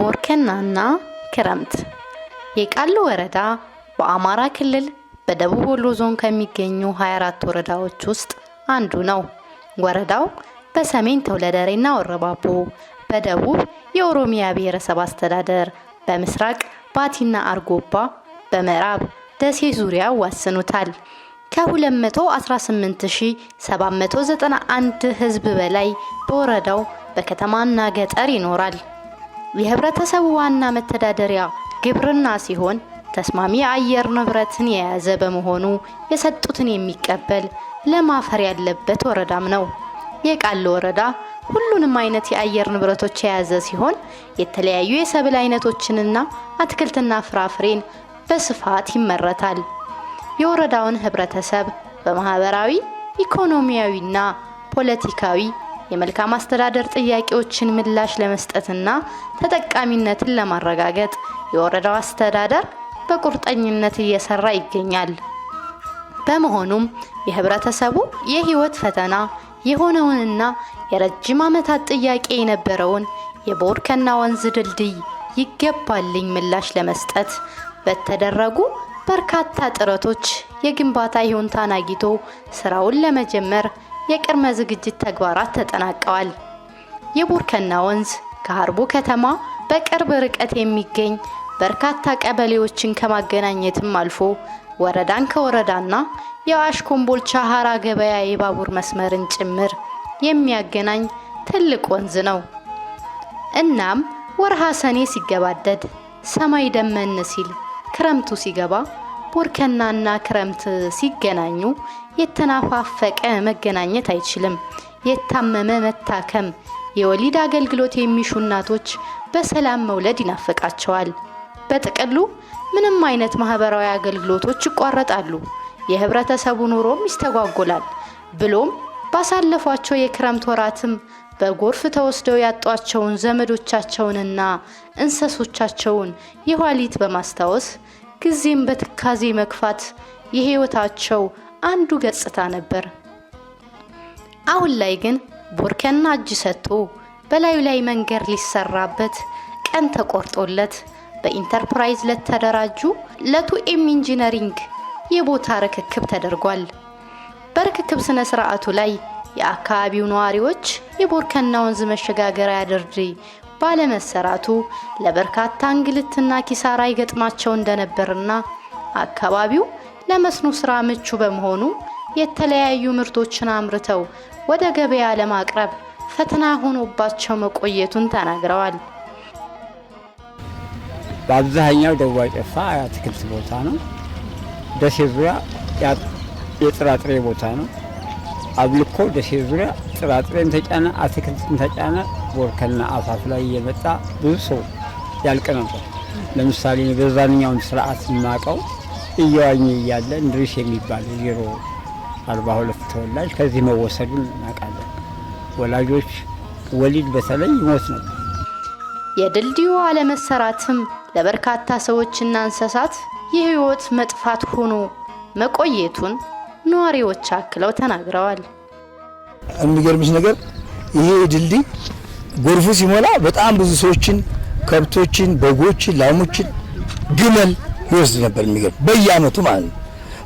ቦርከናና ክረምት የቃሉ ወረዳ በአማራ ክልል በደቡብ ወሎ ዞን ከሚገኙ 24 ወረዳዎች ውስጥ አንዱ ነው። ወረዳው በሰሜን ተውለደሬና ወረባቦ፣ በደቡብ የኦሮሚያ ብሔረሰብ አስተዳደር፣ በምስራቅ ባቲና አርጎባ፣ በምዕራብ ደሴ ዙሪያ ዋስኑታል። ከ218791 ህዝብ በላይ በወረዳው በከተማና ገጠር ይኖራል። የህብረተሰቡ ዋና መተዳደሪያ ግብርና ሲሆን ተስማሚ የአየር ንብረትን የያዘ በመሆኑ የሰጡትን የሚቀበል ለም አፈር ያለበት ወረዳም ነው። የቃል ወረዳ ሁሉንም አይነት የአየር ንብረቶች የያዘ ሲሆን የተለያዩ የሰብል አይነቶችንና አትክልትና ፍራፍሬን በስፋት ይመረታል። የወረዳውን ህብረተሰብ በማህበራዊ ኢኮኖሚያዊና ፖለቲካዊ የመልካም አስተዳደር ጥያቄዎችን ምላሽ ለመስጠትና ተጠቃሚነትን ለማረጋገጥ የወረዳው አስተዳደር በቁርጠኝነት እየሰራ ይገኛል። በመሆኑም የህብረተሰቡ የህይወት ፈተና የሆነውንና የረጅም ዓመታት ጥያቄ የነበረውን የቦርከና ወንዝ ድልድይ ይገባልኝ ምላሽ ለመስጠት በተደረጉ በርካታ ጥረቶች የግንባታ ይሁንታን አግኝቶ ስራውን ለመጀመር የቅድመ ዝግጅት ተግባራት ተጠናቀዋል። የቦርከና ወንዝ ከሀርቡ ከተማ በቅርብ ርቀት የሚገኝ በርካታ ቀበሌዎችን ከማገናኘትም አልፎ ወረዳን ከወረዳና የአዋሽ ኮምቦልቻ ሀራ ገበያ የባቡር መስመርን ጭምር የሚያገናኝ ትልቅ ወንዝ ነው። እናም ወርሃ ሰኔ ሲገባደድ ሰማይ ደመን ሲል ክረምቱ ሲገባ ቦርከናና ክረምት ሲገናኙ የተናፋፈቀ መገናኘት አይችልም። የታመመ መታከም፣ የወሊድ አገልግሎት የሚሹ እናቶች በሰላም መውለድ ይናፈቃቸዋል። በጥቅሉ ምንም አይነት ማህበራዊ አገልግሎቶች ይቋረጣሉ፣ የህብረተሰቡ ኑሮም ይስተጓጎላል። ብሎም ባሳለፏቸው የክረምት ወራትም በጎርፍ ተወስደው ያጧቸውን ዘመዶቻቸውንና እንሰሶቻቸውን የኋሊት በማስታወስ ጊዜም በትካዜ መግፋት የህይወታቸው አንዱ ገጽታ ነበር። አሁን ላይ ግን ቦርከና እጅ ሰጥቶ በላዩ ላይ መንገድ ሊሰራበት ቀን ተቆርጦለት በኢንተርፕራይዝ ለተደራጁ ለቱኤም ኢንጂነሪንግ የቦታ ርክክብ ተደርጓል። በርክክብ ስነ ስርዓቱ ላይ የአካባቢው ነዋሪዎች የቦርከና ወንዝ መሸጋገሪያ ድልድይ ባለመሰራቱ ለበርካታ እንግልትና ኪሳራ ይገጥማቸው እንደነበርና አካባቢው ለመስኖ ስራ ምቹ በመሆኑ የተለያዩ ምርቶችን አምርተው ወደ ገበያ ለማቅረብ ፈተና ሆኖባቸው መቆየቱን ተናግረዋል። በአብዛኛው ደዋ ጨፋ የአትክልት ቦታ ነው። ደሴ ዙሪያ የጥራጥሬ ቦታ ነው። አብልኮ ደሴ ዙሪያ ጥራጥሬም ተጫነ፣ አትክልትም ተጫነ። ወርከልና አፋፍ ላይ እየመጣ ብዙ ሰው ያልቅ ነበር። ለምሳሌ በዛንኛውን ስርዓት የማውቀው እየዋኘ እያለ እንድሪስ የሚባል ዜሮ አርባ ሁለት ተወላጅ ከዚህ መወሰዱን እናውቃለን። ወላጆች ወሊድ በተለይ ሞት ነበር። የድልድዩ አለመሰራትም ለበርካታ ሰዎችና እንስሳት የህይወት መጥፋት ሆኖ መቆየቱን ነዋሪዎች አክለው ተናግረዋል። የሚገርምሽ ነገር ይሄ ድልድይ ጎርፉ ሲሞላ በጣም ብዙ ሰዎችን፣ ከብቶችን፣ በጎችን፣ ላሞችን፣ ግመል ይወስድ ነበር። የሚገርም በየአመቱ ማለት ነው።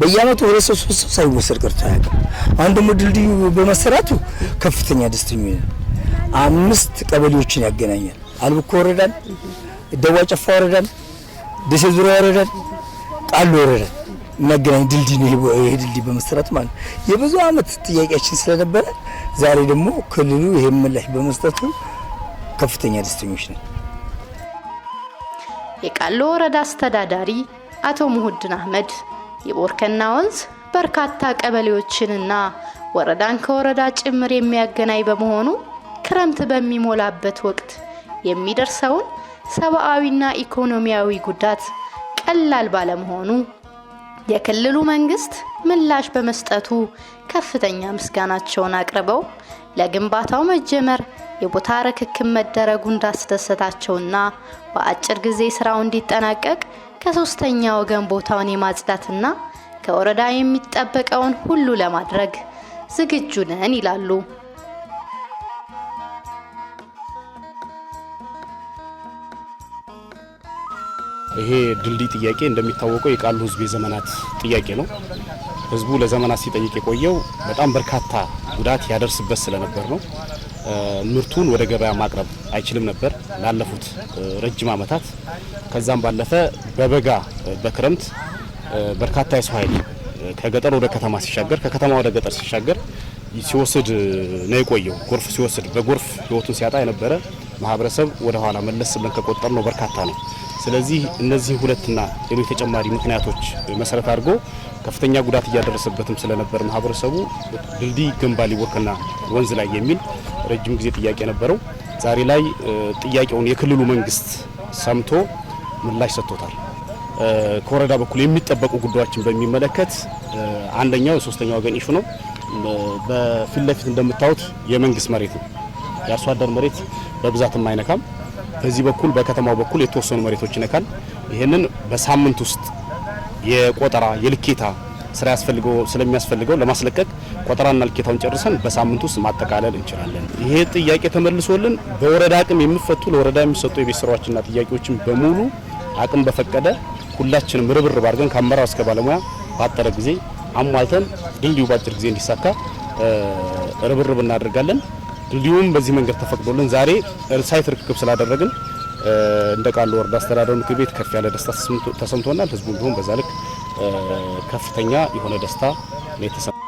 በየአመቱ ሁለት ሰው ሶስት ሰው ሳይወሰድ ቀርቶ አያውቅም። አሁን ደግሞ ድልድዩ በመሰራቱ ከፍተኛ ደስተኛ አምስት ቀበሌዎችን ያገናኛል። አልብኮ ወረዳን፣ ደዋ ጨፋ ወረዳን፣ ደሴ ዙሪያ ወረዳን፣ ቃሉ ወረዳን የሚያገናኝ ድልድይ ነው። ይሄ ድልድይ በመሰራት ማለት የብዙ አመት ጥያቄያችን ስለነበረ ዛሬ ደግሞ ክልሉ ይሄን ምላሽ በመስጠቱ ከፍተኛ ደስተኞች ነን። የቃሉ ወረዳ አስተዳዳሪ አቶ ሙሁድን አህመድ የቦርከና ወንዝ በርካታ ቀበሌዎችንና ወረዳን ከወረዳ ጭምር የሚያገናኝ በመሆኑ ክረምት በሚሞላበት ወቅት የሚደርሰውን ሰብአዊና ኢኮኖሚያዊ ጉዳት ቀላል ባለመሆኑ የክልሉ መንግስት ምላሽ በመስጠቱ ከፍተኛ ምስጋናቸውን አቅርበው ለግንባታው መጀመር የቦታ ርክክብ መደረጉ እንዳስደሰታቸውና በአጭር ጊዜ ስራው እንዲጠናቀቅ ከሶስተኛ ወገን ቦታውን የማጽዳትና ከወረዳ የሚጠበቀውን ሁሉ ለማድረግ ዝግጁ ነን ይላሉ። ይሄ ድልድይ ጥያቄ እንደሚታወቀው የቃሉ ህዝብ የዘመናት ጥያቄ ነው። ህዝቡ ለዘመናት ሲጠይቅ የቆየው በጣም በርካታ ጉዳት ያደርስበት ስለነበር ነው። ምርቱን ወደ ገበያ ማቅረብ አይችልም ነበር ላለፉት ረጅም ዓመታት። ከዛም ባለፈ በበጋ በክረምት በርካታ የሰው ኃይል ከገጠር ወደ ከተማ ሲሻገር፣ ከከተማ ወደ ገጠር ሲሻገር ሲወስድ ነው የቆየው። ጎርፍ ሲወስድ በጎርፍ ህይወቱን ሲያጣ የነበረ ማህበረሰብ ወደ ኋላ መለስ ብለን ከቆጠር ነው በርካታ ነው። ስለዚህ እነዚህ ሁለትና ሌሎች ተጨማሪ ምክንያቶች መሰረት አድርጎ ከፍተኛ ጉዳት እያደረሰበትም ስለነበር ማህበረሰቡ ድልድይ ግንባ ሊቦርክና ወንዝ ላይ የሚል ረጅም ጊዜ ጥያቄ ነበረው። ዛሬ ላይ ጥያቄውን የክልሉ መንግስት ሰምቶ ምላሽ ሰጥቶታል። ከወረዳ በኩል የሚጠበቁ ጉዳዮችን በሚመለከት አንደኛው የሶስተኛ ወገን ኢሹ ነው። በፊት ለፊት እንደምታዩት የመንግስት መሬት ነው። የአርሶ አደር መሬት በብዛትም አይነካም። በዚህ በኩል በከተማው በኩል የተወሰኑ መሬቶች ይነካል። ይህንን በሳምንት ውስጥ የቆጠራ የልኬታ ስራ ያስፈልገው ስለሚያስፈልገው ለማስለቀቅ ቆጠራና ልኬታውን ጨርሰን በሳምንት ውስጥ ማጠቃለል እንችላለን። ይሄ ጥያቄ ተመልሶልን በወረዳ አቅም የሚፈቱ ለወረዳ የሚሰጡ የቤት ስራዎችና ጥያቄዎችን በሙሉ አቅም በፈቀደ ሁላችንም ርብርብ አድርገን ከአመራር እስከ ባለሙያ ባጠረ ጊዜ አሟልተን ድልድዩ በአጭር ጊዜ እንዲሳካ ርብርብ እናደርጋለን። ድልድዩም በዚህ መንገድ ተፈቅዶልን ዛሬ ሳይት ርክክብ ስላደረግን እንደ ቃሉ ወረዳ አስተዳደር ምክር ቤት ከፍ ያለ ደስታ ተሰምቶናል። ህዝቡ ቢሆን በዛ ልክ ከፍተኛ የሆነ ደስታ ነው የተሰማ።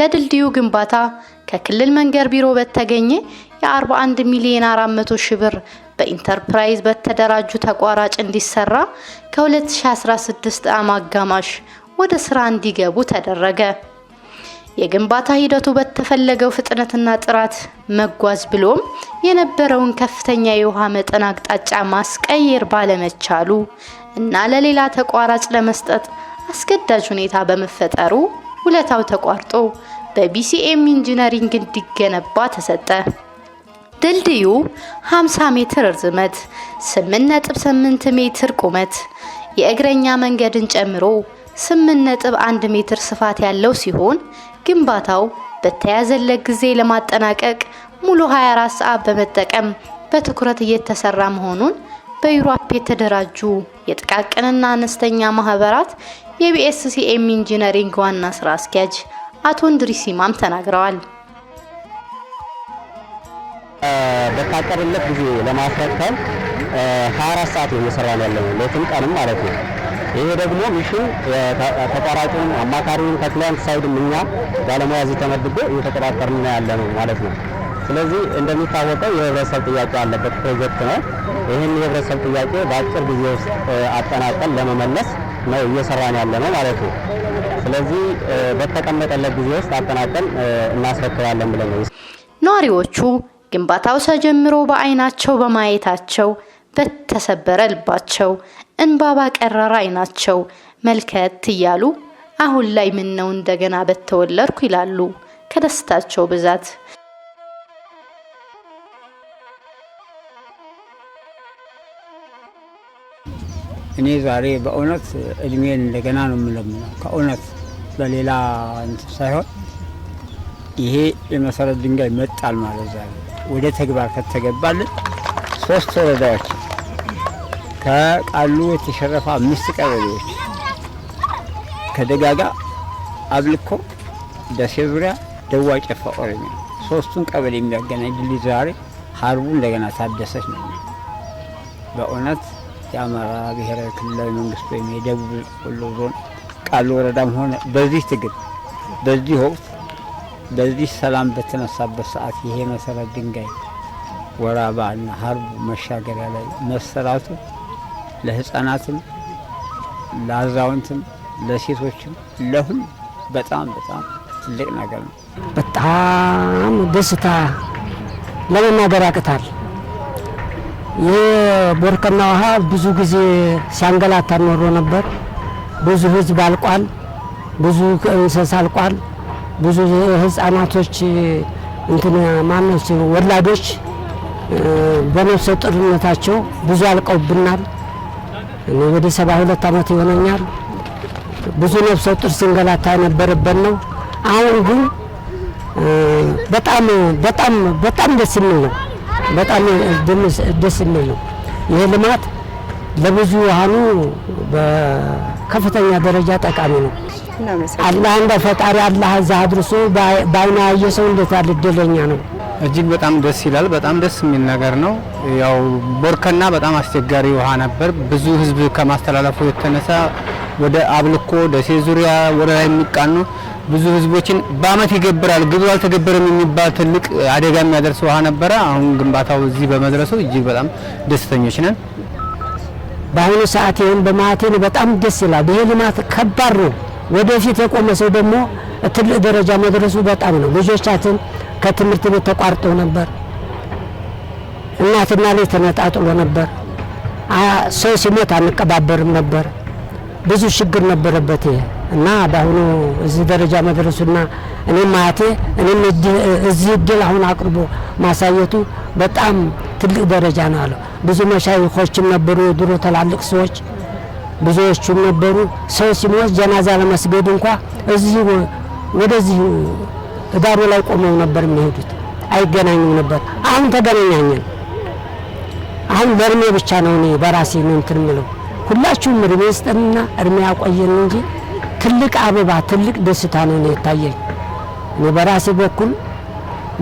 ለድልድዩ ግንባታ ከክልል መንገድ ቢሮ በተገኘ የ41 ሚሊዮን 400 ሺህ ብር በኢንተርፕራይዝ በተደራጁ ተቋራጭ እንዲሰራ ከ2016 ዓ.ም አጋማሽ ወደ ስራ እንዲገቡ ተደረገ። የግንባታ ሂደቱ በተፈለገው ፍጥነትና ጥራት መጓዝ ብሎም የነበረውን ከፍተኛ የውሃ መጠን አቅጣጫ ማስቀየር ባለመቻሉ እና ለሌላ ተቋራጭ ለመስጠት አስገዳጅ ሁኔታ በመፈጠሩ ውለታው ተቋርጦ በቢሲኤም ኢንጂነሪንግ እንዲገነባ ተሰጠ። ድልድዩ 50 ሜትር ርዝመት፣ 8.8 ሜትር ቁመት፣ የእግረኛ መንገድን ጨምሮ 8.1 ሜትር ስፋት ያለው ሲሆን ግንባታው በተያዘለት ጊዜ ለማጠናቀቅ ሙሉ 24 ሰዓት በመጠቀም በትኩረት እየተሰራ መሆኑን በዩሮፕ የተደራጁ የጥቃቅንና አነስተኛ ማህበራት የቢኤስሲኤም ኢንጂነሪንግ ዋና ስራ አስኪያጅ አቶ እንድሪስ ይማም ተናግረዋል። በታቀደለት ጊዜ ለማስረከብ 24 ሰዓት እየሰራ ነው ያለው ሌትም ቀንም ማለት ነው። ይሄ ደግሞ ሚሽን ተቋራጩን አማካሪውን ከክላይንት ሳይድም እኛ ባለሙያ እዚህ ተመድቦ እየተቆጣጠርን ነው ያለ ነው ማለት ነው። ስለዚህ እንደሚታወቀው የህብረተሰብ ጥያቄ አለበት ፕሮጀክት ነው። ይህን የህብረተሰብ ጥያቄ በአጭር ጊዜ ውስጥ አጠናቀን ለመመለስ ነው እየሰራን ያለ ነው ማለት ነው። ስለዚህ በተቀመጠለት ጊዜ ውስጥ አጠናቀን እናስረክባለን ብለን ነዋሪዎቹ ግንባታው ተጀምሮ በአይናቸው በማየታቸው በተሰበረ ልባቸው እንባ ባቀረረ አይናቸው መልከት እያሉ አሁን ላይ ምን ነው እንደገና በተወለድኩ ይላሉ ከደስታቸው ብዛት እኔ ዛሬ በእውነት እድሜን እንደገና ነው የምለምነው። ከእውነት በሌላ ሳይሆን ይሄ የመሰረት ድንጋይ መጣል ማለት ዛሬ ወደ ተግባር ከተገባልን ሶስት ወረዳዎች ከቃሉ የተሸረፈ አምስት ቀበሌዎች ከደጋጋ አብልኮ ደሴ ዙሪያ ደዋ ጨፋ ኦሮሚያ ሶስቱን ቀበሌ የሚያገናኝ ድልድይ ዛሬ ሀርቡ እንደገና ታደሰች ነው በእውነት የአማራ ብሔራዊ ክልላዊ መንግስት ወይም የደቡብ ወሎ ዞን ቃሉ ወረዳም ሆነ በዚህ ትግል በዚህ ወቅት በዚህ ሰላም በተነሳበት ሰዓት ይሄ መሰረት ድንጋይ ወራባና ሀርቡ መሻገሪያ ላይ መሰራቱ ለህፃናትም፣ ለአዛውንትም፣ ለሴቶችም ለሁም በጣም በጣም ትልቅ ነገር ነው። በጣም ደስታ ለመናገር ያቅታል። የቦርከና ውሃ ብዙ ጊዜ ሲያንገላታ ኖሮ ነበር። ብዙ ህዝብ አልቋል። ብዙ እንስሳ አልቋል። ብዙ ህፃናቶች እንትን ማነች ወላዶች በነፍሰ ጡርነታቸው ብዙ አልቀውብናል። እኔ ወደ ሰባ ሁለት ዓመት ይሆነኛል። ብዙ ነፍሰ ጡር ሲንገላታ የነበረበት ነው። አሁን ግን በጣም በጣም በጣም ደስ የሚል ነው። በጣም ደስ የሚል ነው። ይህ ልማት ውሃኑ በከፍተኛ ደረጃ ጠቃሚ ነው። አላህ እንደ ፈጣሪ አላህ እዛ አድርሶ በአይና ያየ ሰው እንዴት ያለ እድለኛ ነው። እጅግ በጣም ደስ ይላል። በጣም ደስ የሚል ነገር ነው። ያው ቦርከና በጣም አስቸጋሪ ውሃ ነበር። ብዙ ህዝብ ከማስተላለፉ የተነሳ ወደ አብልኮ ደሴ ዙሪያ ወደ ላይ የሚቃኑ ብዙ ህዝቦችን በአመት ይገብራል። ግብሩ አልተገበረም የሚባል ትልቅ አደጋ የሚያደርስ ውሃ ነበረ። አሁን ግንባታው እዚህ በመድረሱ እጅግ በጣም ደስተኞች ነን። በአሁኑ ሰዓት ይህን በማቴን በጣም ደስ ይላል። ይሄ ልማት ከባድ ነው። ወደፊት የቆመ ሰው ደግሞ ትልቅ ደረጃ መድረሱ በጣም ነው። ልጆቻችን ከትምህርት ቤት ተቋርጠው ነበር። እናትና ልጅ ተነጣጥሎ ነበር። ሰው ሲሞት አንቀባበርም ነበር። ብዙ ችግር ነበረበት ይሄ እና በአሁኑ እዚህ ደረጃ መድረሱና እኔም ማያቴ እኔም እዚህ እድል አሁን አቅርቦ ማሳየቱ በጣም ትልቅ ደረጃ ነው አለው። ብዙ መሻይኮችም ነበሩ፣ የድሮ ትላልቅ ሰዎች ብዙዎቹም ነበሩ። ሰው ሲሞት ጀናዛ ለመስገድ እንኳ እዚህ ወደዚህ ዳሩ ላይ ቆመው ነበር የሚሄዱት፣ አይገናኙም ነበር። አሁን ተገናኛኘን። አሁን በእድሜ ብቻ ነው እኔ በራሴ ነው እንትን ምለው። ሁላችሁም እድሜ ስጠንና እድሜ ያቆየን እንጂ ትልቅ አበባ ትልቅ ደስታ ነው ነው የታየኝ። እኔ በራሴ በኩል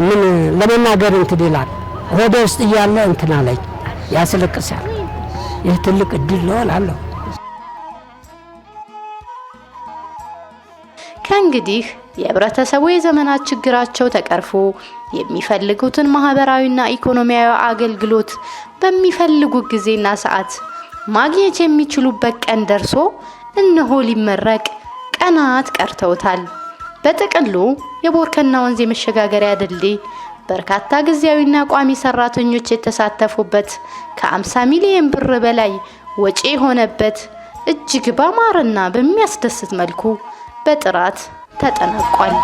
ምን ለመናገር እንትን ይላል ሆደ ውስጥ እያለ እንትን አለኝ ያስለቅሳል። ይህ ትልቅ እድል ነው እላለሁ። ከእንግዲህ የህብረተሰቡ የዘመናት ችግራቸው ተቀርፎ የሚፈልጉትን ማህበራዊና ኢኮኖሚያዊ አገልግሎት በሚፈልጉት ጊዜና ሰዓት ማግኘት የሚችሉበት ቀን ደርሶ እነሆ ሊመረቅ ቀናት ቀርተውታል። በጥቅሉ የቦርከና ወንዝ የመሸጋገሪያ ድልድይ በርካታ ጊዜያዊና ቋሚ ሰራተኞች የተሳተፉበት ከ50 ሚሊዮን ብር በላይ ወጪ የሆነበት እጅግ ባማረና በሚያስደስት መልኩ በጥራት ተጠናቋል።